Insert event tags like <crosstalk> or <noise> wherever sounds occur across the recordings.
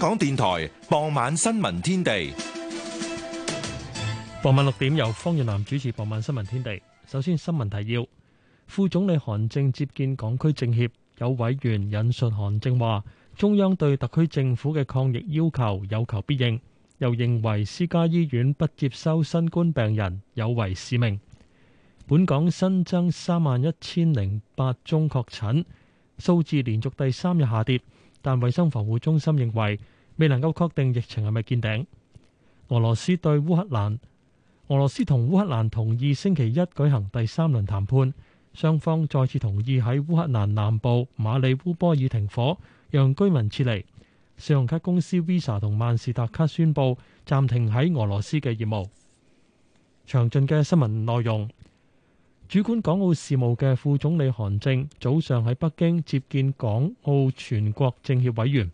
香港電台傍晚新聞天地，傍晚六點由方月南主持。傍晚新聞天地，首先新聞提要：副總理韓正接見港區政協有委員引述韓正話，中央對特區政府嘅抗疫要求有求必應，又認為私家醫院不接收新冠病人有違使命。本港新增三萬一千零八宗確診，數字連續第三日下跌。但衛生防護中心認為未能夠確定疫情係咪見頂。俄羅斯對烏克蘭，俄羅斯同烏克蘭同意星期一舉行第三輪談判，雙方再次同意喺烏克蘭南部馬里烏波爾停火，讓居民撤離。信用卡公司 Visa 同萬事達卡宣佈暫停喺俄羅斯嘅業務。詳盡嘅新聞內容。主管港澳事務嘅副總理韓正早上喺北京接見港澳全國政協委員。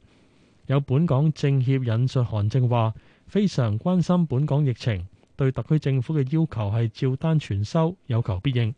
有本港政協引述韓正話：非常關心本港疫情，對特區政府嘅要求係照單全收，有求必應。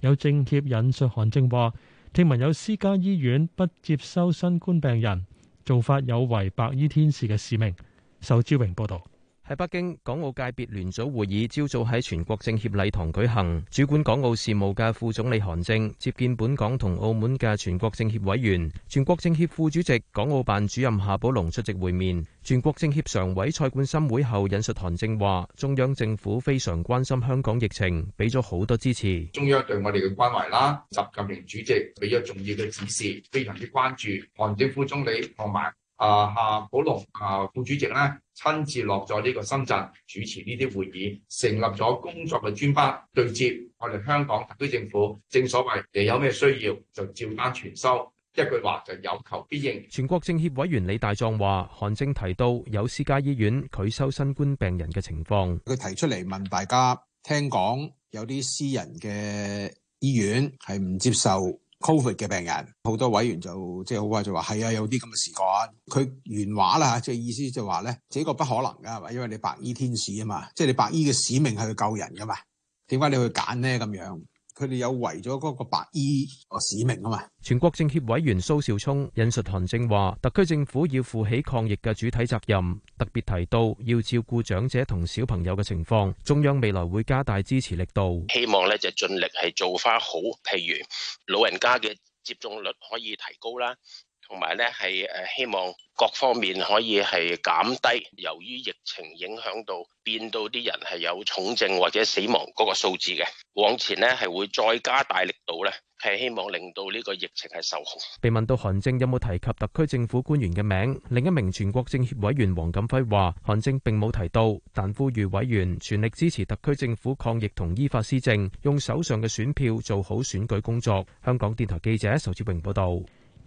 有政協引述韓正話：聽聞有私家醫院不接收新冠病人，做法有違白衣天使嘅使命。仇志榮報道。喺北京，港澳界別聯組會議朝早喺全國政協禮堂舉行。主管港澳事務嘅副總理韓正接見本港同澳門嘅全國政協委員，全國政協副主席、港澳辦主任夏寶龍出席會面。全國政協常委蔡冠深會後引述韓正話，中央政府非常關心香港疫情，俾咗好多支持。中央對我哋嘅關懷啦，習近平主席俾咗重要嘅指示，非常之關注。韓正副總理同埋。啊，夏寶龍啊，副主席咧，親自落咗呢個深圳主持呢啲會議，成立咗工作嘅專班對接我哋香港特區政府。正所謂，你有咩需要就照單全收，一句話就有求必應。全國政協委員李大壯話，韓正提到有私家醫院拒收新冠病人嘅情況，佢提出嚟問大家，聽講有啲私人嘅醫院係唔接受。Covid 嘅病人，好多委員就即係好快就話：係啊，有啲咁嘅事幹、啊。佢原話啦即係意思就話、係、咧，這個不可能㗎，因為你白衣天使啊嘛，即、就、係、係、你白衣嘅使命係去救人㗎嘛，點解你去揀咧咁樣？佢哋有為咗嗰個白衣個使命啊嘛！全國政協委員蘇少聰引述韓正話，特區政府要負起抗疫嘅主體責任，特別提到要照顧長者同小朋友嘅情況。中央未來會加大支持力度，希望咧就盡力係做翻好，譬如老人家嘅接種率可以提高啦。同埋呢，係誒希望各方面可以係減低，由於疫情影響到變到啲人係有重症或者死亡嗰個數字嘅，往前呢係會再加大力度呢，係希望令到呢個疫情係受控。被問到韓正有冇提及特區政府官員嘅名，另一名全國政協委員黃錦輝話：韓正並冇提到，但呼籲委員全力支持特區政府抗疫同依法施政，用手上嘅選票做好選舉工作。香港電台記者仇志榮報道。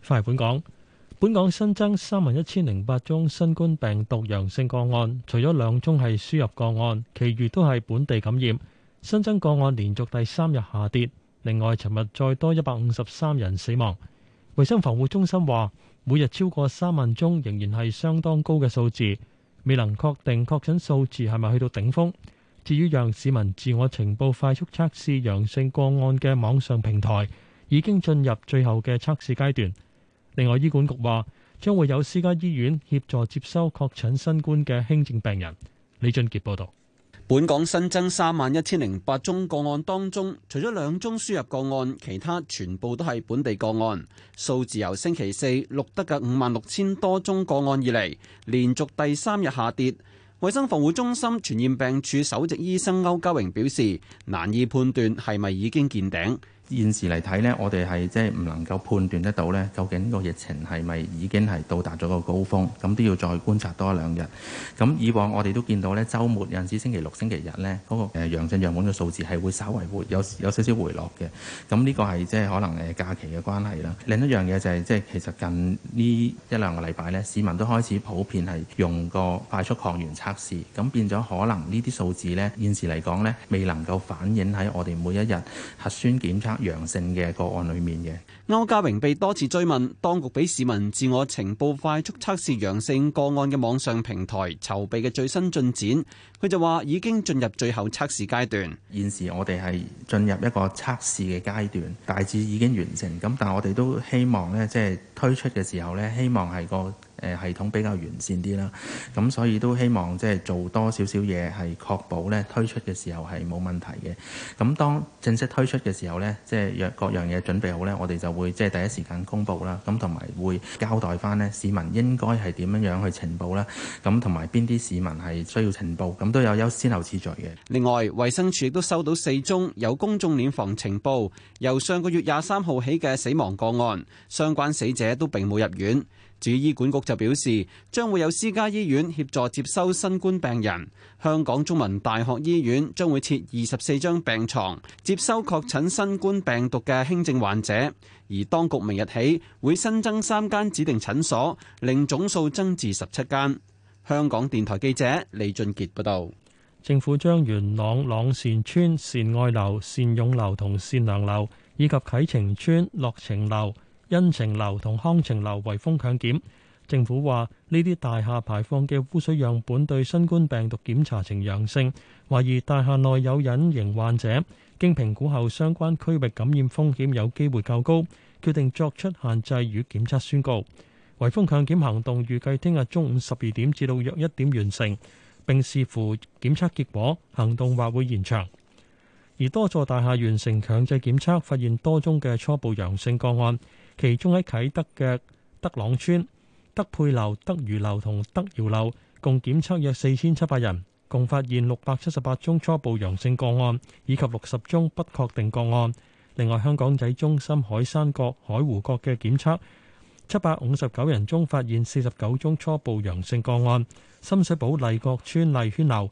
翻嚟本港。本港新增三萬一千零八宗新冠病毒陽性個案，除咗兩宗係輸入個案，其餘都係本地感染。新增個案連續第三日下跌。另外，尋日再多一百五十三人死亡。衛生防護中心話，每日超過三萬宗仍然係相當高嘅數字，未能確定確診數字係咪去到頂峰。至於讓市民自我情報快速測試陽性個案嘅網上平台，已經進入最後嘅測試階段。另外，醫管局話將會有私家醫院協助接收確診新冠嘅輕症病人。李俊傑報導。本港新增三萬一千零八宗個案，當中除咗兩宗輸入個案，其他全部都係本地個案。數字由星期四錄得嘅五萬六千多宗個案以嚟，連續第三日下跌。衞生防護中心傳染病處首席醫生歐家榮表示，難以判斷係咪已經見頂。現時嚟睇呢，我哋係即係唔能夠判斷得到呢，究竟個疫情係咪已經係到達咗個高峰？咁都要再觀察多一兩日。咁以往我哋都見到呢，週末有陣時星期六、星期日呢，嗰、那個誒陽性樣本嘅數字係會稍微回有有，有少少回落嘅。咁呢個係即係可能誒假期嘅關係啦。另一樣嘢就係、是、即係其實近呢一兩個禮拜呢，市民都開始普遍係用個快速抗原測試，咁變咗可能呢啲數字呢，現時嚟講呢，未能夠反映喺我哋每一日核酸檢測。陽性嘅個案裏面嘅歐家榮被多次追問，當局俾市民自我情報快速測試陽性個案嘅網上平台籌備嘅最新進展，佢就話已經進入最後測試階段。現時我哋係進入一個測試嘅階段，大致已經完成。咁，但係我哋都希望咧，即係推出嘅時候咧，希望係個。誒系統比較完善啲啦，咁所以都希望即係做多少少嘢，係確保咧推出嘅時候係冇問題嘅。咁當正式推出嘅時候呢，即係各樣嘢準備好呢，我哋就會即係第一時間公佈啦。咁同埋會交代翻呢市民應該係點樣樣去呈報啦。咁同埋邊啲市民係需要呈報，咁都有優先後次序嘅。另外，衛生署都收到四宗有公眾殮房呈報，由上個月廿三號起嘅死亡個案，相關死者都並冇入院。至於醫管局就表示，將會有私家醫院協助接收新冠病人。香港中文大學醫院將會設二十四張病床，接收確診新冠病毒嘅輕症患者。而當局明日起會新增三間指定診所，令總數增至十七間。香港電台記者李俊傑報道。政府將元朗朗善村善愛樓、善勇樓同善良樓，以及啟晴邨樂晴樓，恩情樓同康情樓圍封強檢，政府話呢啲大廈排放嘅污水樣本對新冠病毒檢查呈陽性，懷疑大廈內有隱形患者。經評估後，相關區域感染風險有機會較高，決定作出限制與檢測宣告。圍封強檢行動預計聽日中午十二點至到約一點完成， <music> 並視乎檢測結果，行動或會延長。而多座大廈完成強制檢測，發現多宗嘅初步陽性個案。其中喺啟德嘅德朗村、德佩樓、德如樓同德瑤樓，共檢測約四千七百人，共發現六百七十八宗初步陽性個案，以及六十宗不確定個案。另外，香港仔中心、海山閣、海湖閣嘅檢測，七百五十九人中發現四十九宗初步陽性個案。深水埗麗閣村麗萱樓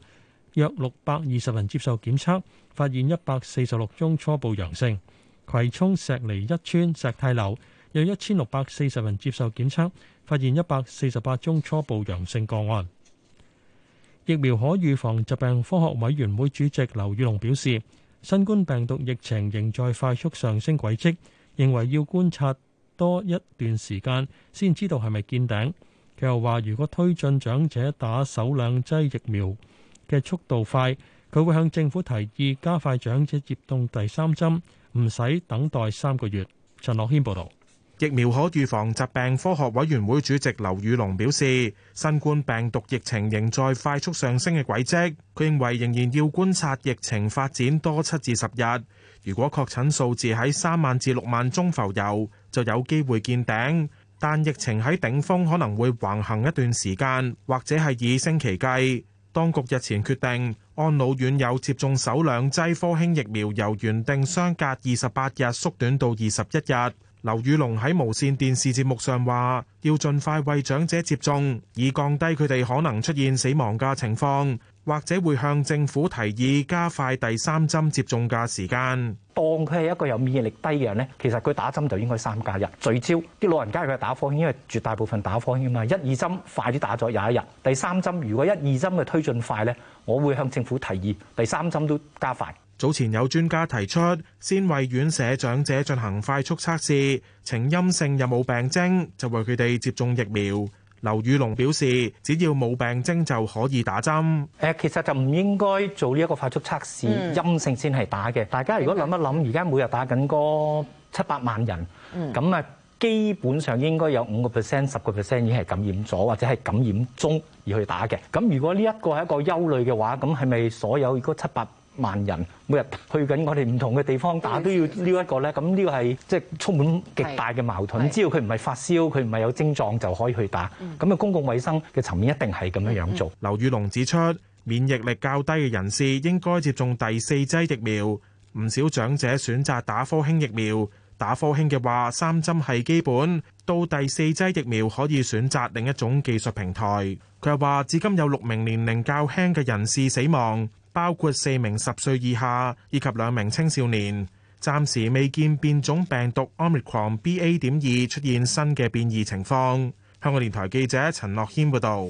約六百二十人接受檢測，發現一百四十六宗初步陽性。葵涌石梨一村石泰樓有一千六百四十人接受檢測，發現一百四十八宗初步陽性個案。疫苗可預防疾病科學委員會主席劉宇隆表示，新冠病毒疫情仍在快速上升軌跡，認為要觀察多一段時間先知道係咪見頂。佢又話，如果推進長者打首兩劑疫苗嘅速度快，佢會向政府提議加快長者接種第三針，唔使等待三個月。陳樂謙報道。疫苗可預防疾病科學委員會主席劉宇龍表示，新冠病毒疫情仍在快速上升嘅軌跡。佢認為仍然要觀察疫情發展多七至十日，如果確診數字喺三萬至六萬中浮游，就有機會見頂。但疫情喺頂峰可能會橫行一段時間，或者係以星期計。當局日前決定，安老院有接種首兩劑科興疫苗，由原定相隔二十八日縮短到二十一日。劉宇龍喺無線電視節目上話，要盡快為長者接種，以降低佢哋可能出現死亡嘅情況，或者會向政府提議加快第三針接種嘅時間。當佢係一個有免疫力低嘅人咧，其實佢打針就應該三加一，聚焦啲老人家佢打科興因為絕大部分打科興嘅嘛，一二針快啲打咗廿一日，第三針如果一二針嘅推進快咧，我會向政府提議第三針都加快。早前有專家提出，先為院舍長者進行快速測試，呈陰性又冇病徵，就為佢哋接種疫苗。劉宇龍表示，只要冇病徵就可以打針。誒，其實就唔應該做呢一個快速測試，陰性先係打嘅。大家如果諗一諗，而家每日打緊嗰七百萬人，咁啊，基本上應該有五個 percent、十個 percent 已經係感染咗或者係感染中而去打嘅。咁如果呢一個係一個憂慮嘅話，咁係咪所有嗰七百萬人每日去緊我哋唔同嘅地方打都要撈一個呢。咁呢個係即係充滿極大嘅矛盾。只要佢唔係發燒，佢唔係有症狀就可以去打。咁啊，公共衞生嘅層面一定係咁樣樣做。嗯、劉宇龍指出，免疫力較低嘅人士應該接種第四劑疫苗。唔少長者選擇打科興疫苗，打科興嘅話，三針係基本，到第四劑疫苗可以選擇另一種技術平台。佢又話，至今有六名年齡較輕嘅人士死亡。包括四名十歲以下，以及兩名青少年，暫時未見變種病毒 Omicron BA. 點二出現新嘅變異情況。香港電台記者陳樂謙報道。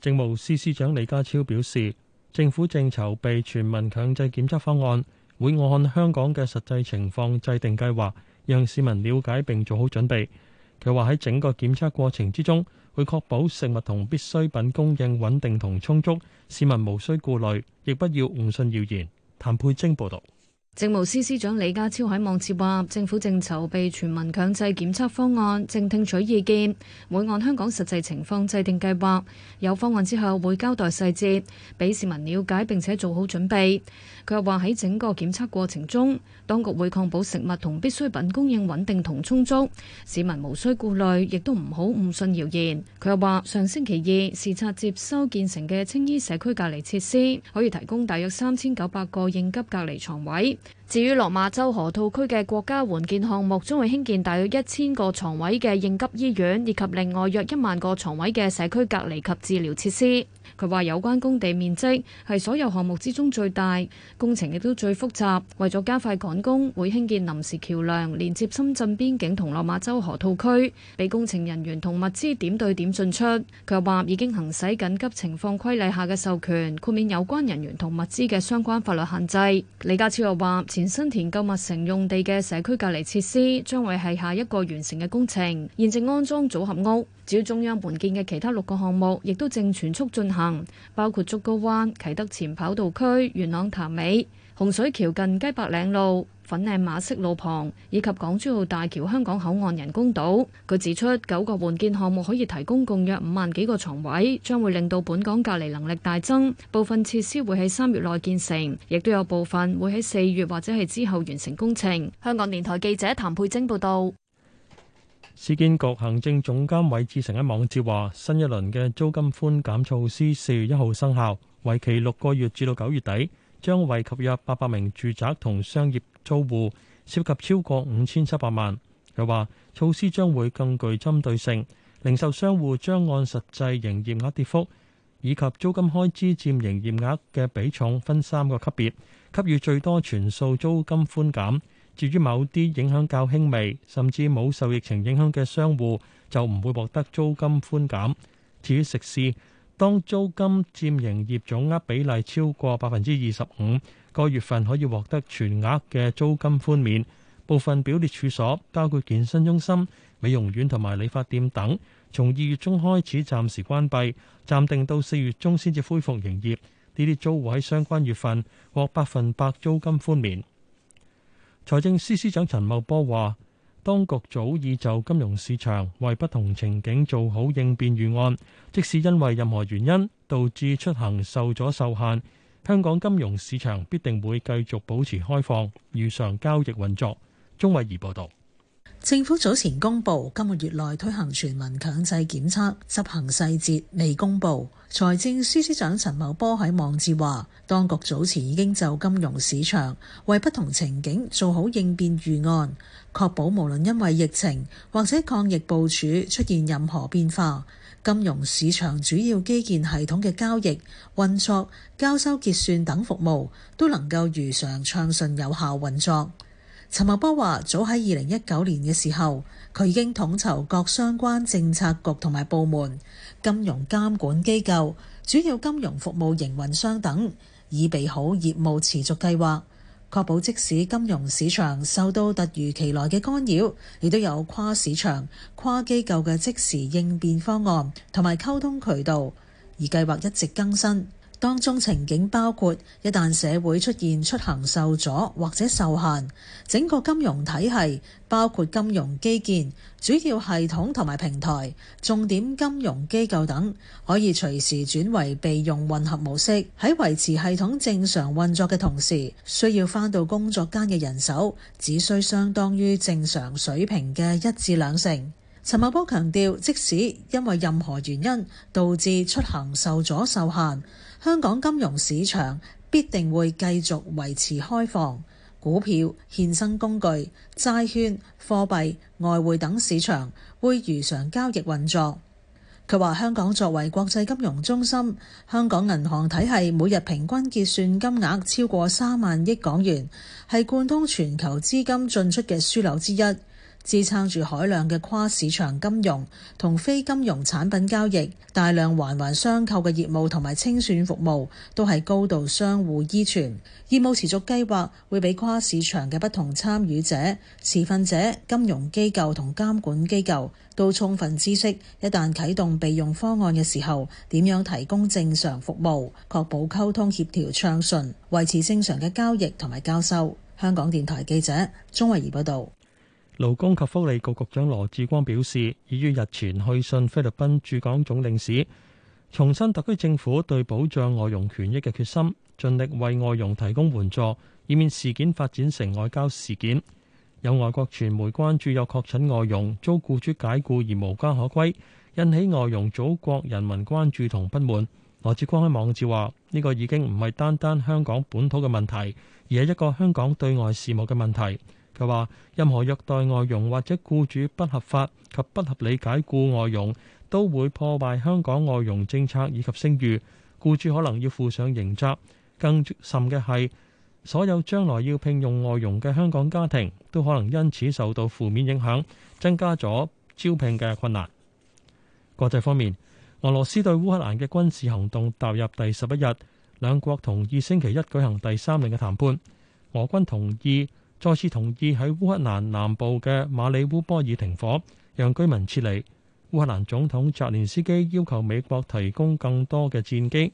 政務司司長李家超表示，政府正籌備全民強制檢測方案，會按香港嘅實際情況制定計劃，讓市民了解並做好準備。佢話喺整個檢測過程之中。會確保食物同必需品供應穩定同充足，市民無需顧慮，亦不要誤信謠言。譚佩晶報導。政務司司長李家超喺網誌話，政府正籌備全民強制檢測方案，正聽取意見，會按香港實際情況制定計劃。有方案之後會交代細節，俾市民了解並且做好準備。佢又話喺整個檢測過程中，當局會確保食物同必需品供應穩定同充足，市民無需顧慮，亦都唔好誤信謠言。佢又話，上星期二視察接收建成嘅青衣社區隔離設施，可以提供大約三千九百個應急隔離床位。至於落馬洲河套區嘅國家援建項目，將會興建大約一千個床位嘅應急醫院，以及另外約一萬個床位嘅社區隔離及治療設施。佢話有關工地面積係所有項目之中最大，工程亦都最複雜。為咗加快趕工，會興建臨時橋梁連接深圳邊境同落馬洲河套區，俾工程人員同物資點對點進出。佢又話已經行使緊急情況規例下嘅授權，豁免有關人員同物資嘅相關法律限制。李家超又話，前新田購物城用地嘅社區隔離設施將會係下一個完成嘅工程，現正安裝組合屋。主要中央援建嘅其他六個項目，亦都正全速進行，包括竹篙灣、啟德前跑道區、元朗潭尾、洪水橋近雞白嶺路、粉嶺馬適路旁以及港珠澳大橋香港口岸人工島。佢指出，九個援建項目可以提供共約五萬幾個床位，將會令到本港隔離能力大增。部分設施會喺三月內建成，亦都有部分會喺四月或者係之後完成工程。香港電台記者譚佩晶報道。市建局行政總監韋志成喺網誌話,新一輪嘅租金寬減措施四月一號生效,為期六個月至到九月底,將惠及約八百名住宅同商業租戶,涉及超過五千七百萬。佢話,措施將會更具針對性,零售商戶將按實際營業額跌幅,以及租金開支佔營業額嘅比重分三個級別,給予最多全數租金寬減,至於某啲影響較輕微,甚至冇受疫情影響嘅商戶,就唔會獲得租金寬減。至於食肆,當租金佔營業總額比例超過百分之二十五,個月份可以獲得全額嘅租金寬免。部分表列處所，包括健身中心、美容院同埋理髮店等，從二月中開始暫時關閉，暫定到四月中先至恢復營業。呢啲租戶喺相關月份獲百分百租金寬免。財政司司長陳茂波話，當局早已就金融市場為不同情景做好應變預案，即使因為任何原因導致出行受阻受限，香港金融市場必定會繼續保持開放、如常交易運作。鍾偉儀報道。政府早前公布，今個月內推行全民強制檢測，執行細節未公布。財政司司長陳茂波喺網誌話，當局早前已經就金融市場為不同情景做好應變預案，確保無論因為疫情或者抗疫部署出現任何變化，金融市場主要基建系統嘅交易、運作、交收、結算等服務都能夠如常暢順、有效運作。陳茂波話：早喺二零一九年嘅時候，佢已經統籌各相關政策局同埋部門、金融監管機構、主要金融服務營運商等，以備好業務持續計劃，確保即使金融市場受到突如其來嘅干擾，亦都有跨市場、跨機構嘅即時應變方案同埋溝通渠道，而計劃一直更新。當中情景包括，一旦社會出現出行受阻或者受限，整個金融體系包括金融基建、主要系統同埋平台、重點金融機構等，可以隨時轉為備用混合模式，喺維持系統正常運作嘅同時，需要返到工作間嘅人手只需相當於正常水平嘅一至兩成。陳茂波強調，即使因為任何原因導致出行受阻受限。香港金融市場必定會繼續維持開放，股票、衍生工具、債券、貨幣、外匯等市場會如常交易運作。佢話：香港作為國際金融中心，香港銀行體系每日平均結算金額超過三萬億港元，係貫通全球資金進出嘅樞紐之一。支撐住海量嘅跨市場金融同非金融產品交易，大量環環相扣嘅業務同埋清算服務都係高度相互依存。業務持續計劃會俾跨市場嘅不同參與者、持份者、金融機構同監管機構都充分知識。一旦啟動備用方案嘅時候，點樣提供正常服務，確保溝通協調暢順，維持正常嘅交易同埋交收。香港電台記者鍾慧儀報導。勞工及福利局局長羅志光表示，已於日前去信菲律賓駐港總領事，重申特區政府對保障外傭權益嘅決心，盡力為外傭提供援助，以免事件發展成外交事件。有外國傳媒關注有確診外傭遭雇主解雇而無家可歸，引起外傭祖國人民關注同不滿。羅志光喺網誌話：呢個已經唔係單單香港本土嘅問題，而係一個香港對外事務嘅問題。佢話：任何虐待外傭或者僱主不合法及不合理解雇外傭，都會破壞香港外傭政策以及聲譽。僱主可能要負上刑責，更甚嘅係，所有將來要聘用外傭嘅香港家庭都可能因此受到負面影響，增加咗招聘嘅困難。國際方面，俄羅斯對烏克蘭嘅軍事行動踏入第十一日，兩國同意星期一舉行第三輪嘅談判。俄軍同意。再次同意喺烏克蘭南部嘅馬里烏波爾停火，讓居民撤離。烏克蘭總統澤連斯基要求美國提供更多嘅戰機。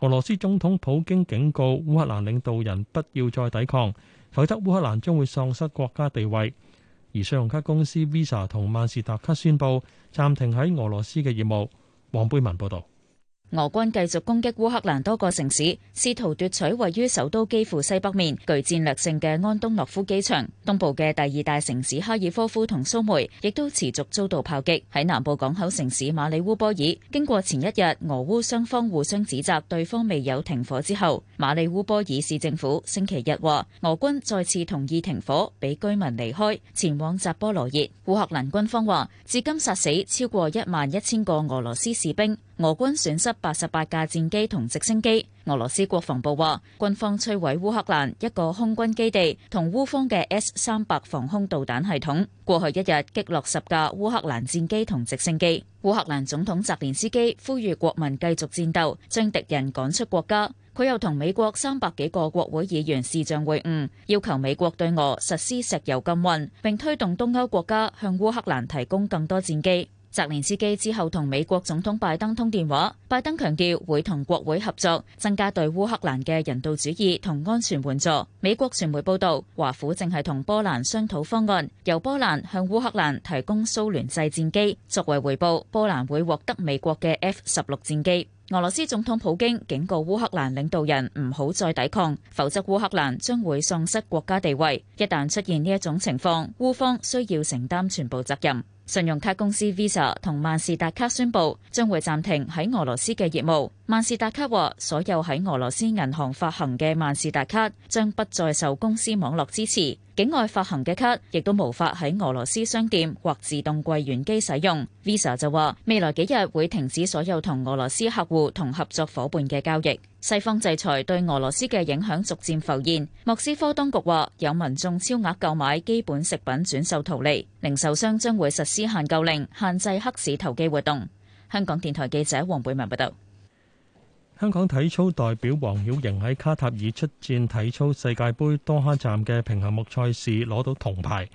俄羅斯總統普京警告烏克蘭領導人不要再抵抗，否則烏克蘭將會喪失國家地位。而信用卡公司 Visa 同萬事達卡宣布暫停喺俄羅斯嘅業務。黃貝文報道。俄軍繼續攻擊烏克蘭多個城市，試圖奪取位於首都基輔西北面、具戰略性嘅安東諾夫機場。東部嘅第二大城市哈爾科夫同蘇梅亦都持續遭到炮擊。喺南部港口城市馬里烏波爾，經過前一日俄烏雙方互相指責對方未有停火之後，馬里烏波爾市政府星期日話俄軍再次同意停火，俾居民離開前往扎波羅熱。烏克蘭軍方話至今殺死超過一萬一千個俄羅斯士兵。俄軍損失八十八架戰機同直升機。俄羅斯國防部話，軍方摧毀烏克蘭一個空軍基地同烏方嘅 S 三百防空導彈系統。過去一日擊落十架烏克蘭戰機同直升機。烏克蘭總統澤連斯基呼籲國民繼續戰鬥，將敵人趕出國家。佢又同美國三百幾個國會議員視像會晤，要求美國對俄實施石油禁運，並推動東歐國家向烏克蘭提供更多戰機。澤連斯基之後同美國總統拜登通電話，拜登強調會同國會合作，增加對烏克蘭嘅人道主義同安全援助。美國傳媒報道，華府正係同波蘭商討方案，由波蘭向烏克蘭提供蘇聯製戰機，作為回報，波蘭會獲得美國嘅 F 十六戰機。俄羅斯總統普京警告烏克蘭領導人唔好再抵抗，否則烏克蘭將會喪失國家地位。一旦出現呢一種情況，烏方需要承擔全部責任。信用卡公司 Visa 同萬事達卡宣布，將會暫停喺俄羅斯嘅業務。萬事達卡話，所有喺俄羅斯銀行發行嘅萬事達卡將不再受公司網絡支持，境外發行嘅卡亦都無法喺俄羅斯商店或自動櫃員機使用。Visa 就話，未來幾日會停止所有同俄羅斯客戶同合作夥伴嘅交易。西方制裁對俄羅斯嘅影響逐漸浮現。莫斯科當局話有民眾超額購買基本食品轉售圖利，零售商將會實施限購令，限制黑市投機活動。香港電台記者黃貝文報道。香港體操代表黃曉瑩喺卡塔爾出戰體操世界盃多哈站嘅平衡木賽事攞到銅牌。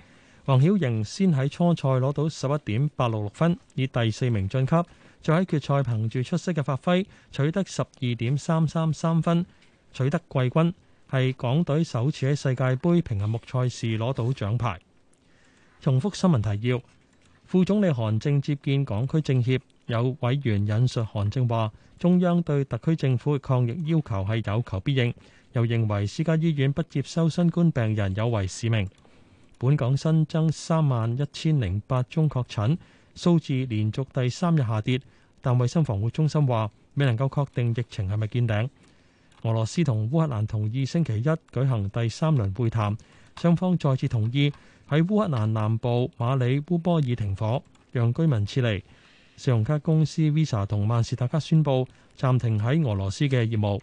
黃曉瑩先喺初賽攞到十一點八六六分，以第四名晉級。就喺決賽憑住出色嘅發揮取得十二點三三三分，取得季軍，係港隊首次喺世界杯平衡木賽事攞到獎牌。重複新聞提要：副總理韓正接見港區政協，有委員引述韓正話，中央對特區政府嘅抗疫要求係有求必應，又認為私家醫院不接收新冠病人有違使命。本港新增三萬一千零八宗確診。數字連續第三日下跌，但衞生防護中心話未能夠確定疫情係咪見頂。俄羅斯同烏克蘭同意星期一舉行第三輪會談，雙方再次同意喺烏克蘭南部馬里烏波爾停火，讓居民撤離。信用卡公司 Visa 同萬事達卡宣布暫停喺俄羅斯嘅業務。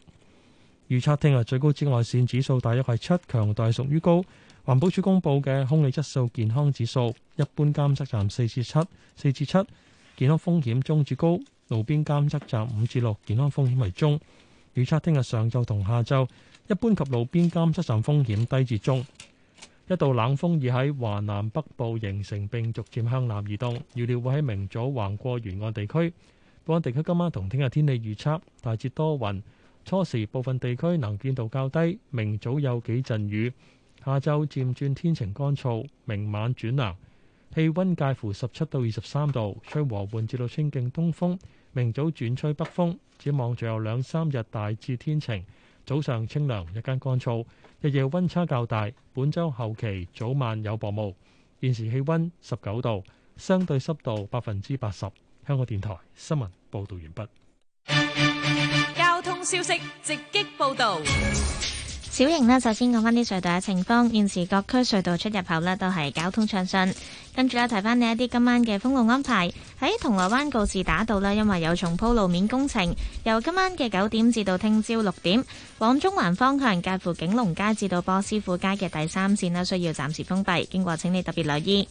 預測聽日最高紫外線指數大約係七，強度屬於高。環保署公布嘅空氣質素健康指數，一般監測站四至七，四至七健康風險中至高；路邊監測站五至六，健康風險為中。預測聽日上晝同下晝，一般及路邊監測站風險低至中。一道冷鋒已喺華南北部形成，並逐漸向南移動，預料會喺明早橫過沿岸地區。本港地區今晚同聽日天氣預測，大致多雲，初時部分地區能見度較低，明早有幾陣雨。下晝漸轉天晴乾燥，明晚轉涼，氣溫介乎十七到二十三度，吹和緩至到清勁東風。明早轉吹北風，展望仲有兩三日大致天晴，早上清涼，日間乾燥，日夜溫差較大。本周後期早晚有薄霧。現時氣溫十九度，相對濕度百分之八十。香港電台新聞報道完畢。交通消息直擊報道。小型呢，首先講翻啲隧道嘅情況。現時各區隧道出入口呢，都係交通暢順。跟住呢，提翻你一啲今晚嘅封路安排。喺銅鑼灣告士打道呢，因為有重鋪路面工程，由今晚嘅九點至到聽朝六點，往中環方向介乎景隆街至到波斯富街嘅第三線呢，需要暫時封閉，經過請你特別留意。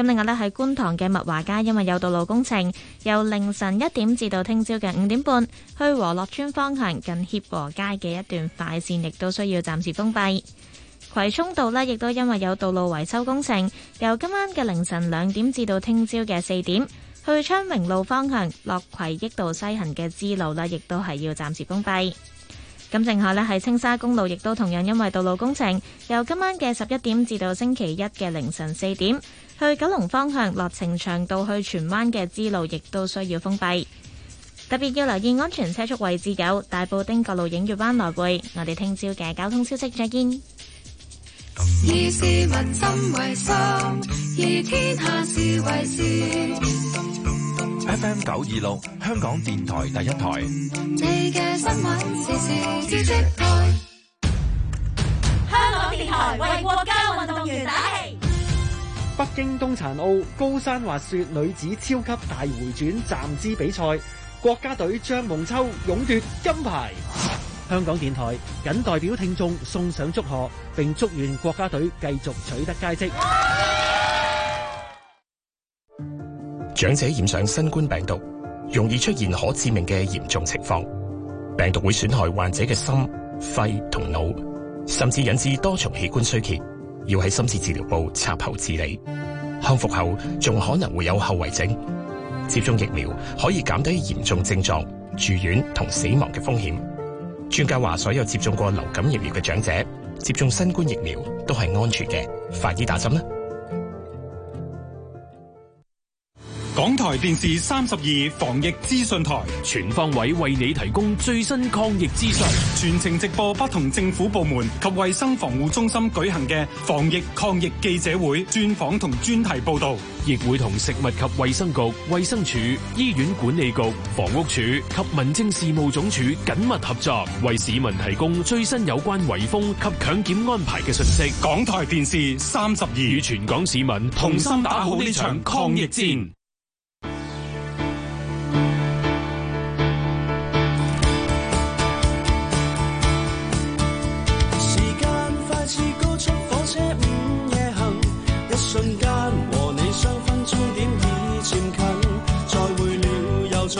咁另外咧，喺觀塘嘅物華街，因為有道路工程，由凌晨一點至到聽朝嘅五點半，去和樂村方向近協和街嘅一段快線，亦都需要暫時封閉。葵涌道咧，亦都因為有道路維修工程，由今晚嘅凌晨兩點至到聽朝嘅四點，去昌明路方向落葵益道西行嘅支路啦，亦都係要暫時封閉。咁，剩下咧，喺青沙公路，亦都同樣因為道路工程，由今晚嘅十一點至到星期一嘅凌晨四點，去九龍方向、落程長道去荃灣嘅支路亦都需要封閉，特別要留意安全車速位置有大埔丁角路、影月灣來回。我哋聽朝嘅交通消息再見。以市民心為心，以天下事為事。F M 九二六，香港電台第一台。台，香港電台為國家運動員打氣。北京冬殘奧高山滑雪女子超級大回轉站姿比賽，國家隊張夢秋勇奪金牌。香港電台謹代表聽眾送上祝賀，並祝願國家隊繼續取得佳績。長者染上新冠病毒，容易出現可致命嘅嚴重情況，病毒會損害患者嘅心、肺同腦，甚至引致多重器官衰竭。要喺深切治療部插喉治理，康復後仲可能會有後遺症。接種疫苗可以減低嚴重症狀、住院同死亡嘅風險。專家話，所有接種過流感疫苗嘅長者，接種新冠疫苗都係安全嘅，快啲打針啦！港台電視三十二防疫資訊台全方位為你提供最新抗疫資訊，全程直播不同政府部門及衛生防護中心舉行嘅防疫抗疫記者會專訪同專題報道，亦會同食物及衛生局、衛生署、醫院管理局、房屋署及民政事務總署緊密合作，為市民提供最新有關圍封及強檢安排嘅信息。港台電視三十二與全港市民同心打好呢場抗疫戰。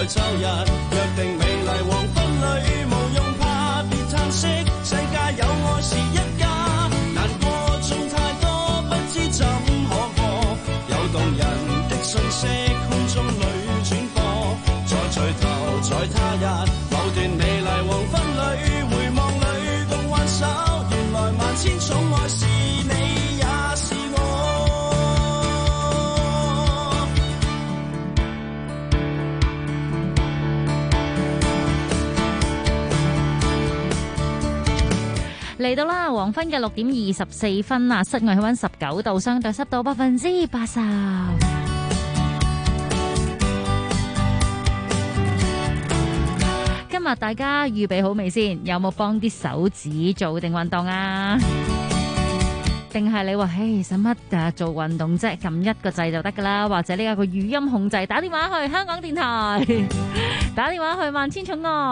在秋日約定美麗黃昏裏，無用怕，別嘆息，世界有愛是一家。難過總太多，不知怎可過。有動人的訊息，空中裏轉播，再聚頭，在他日某段美麗黃昏裏，回望裏共挽手，原來萬千寵愛。是。嚟到啦，黃昏嘅六點二十四分啊，室外氣溫十九度，相對濕度百分之八十。今日大家預備好未先？有冇幫啲手指做定運動啊？定係你話，嘿，使乜呀做運動啫？撳一個掣就得噶啦，或者呢個個語音控制，打電話去香港電台，打電話去萬千寵愛。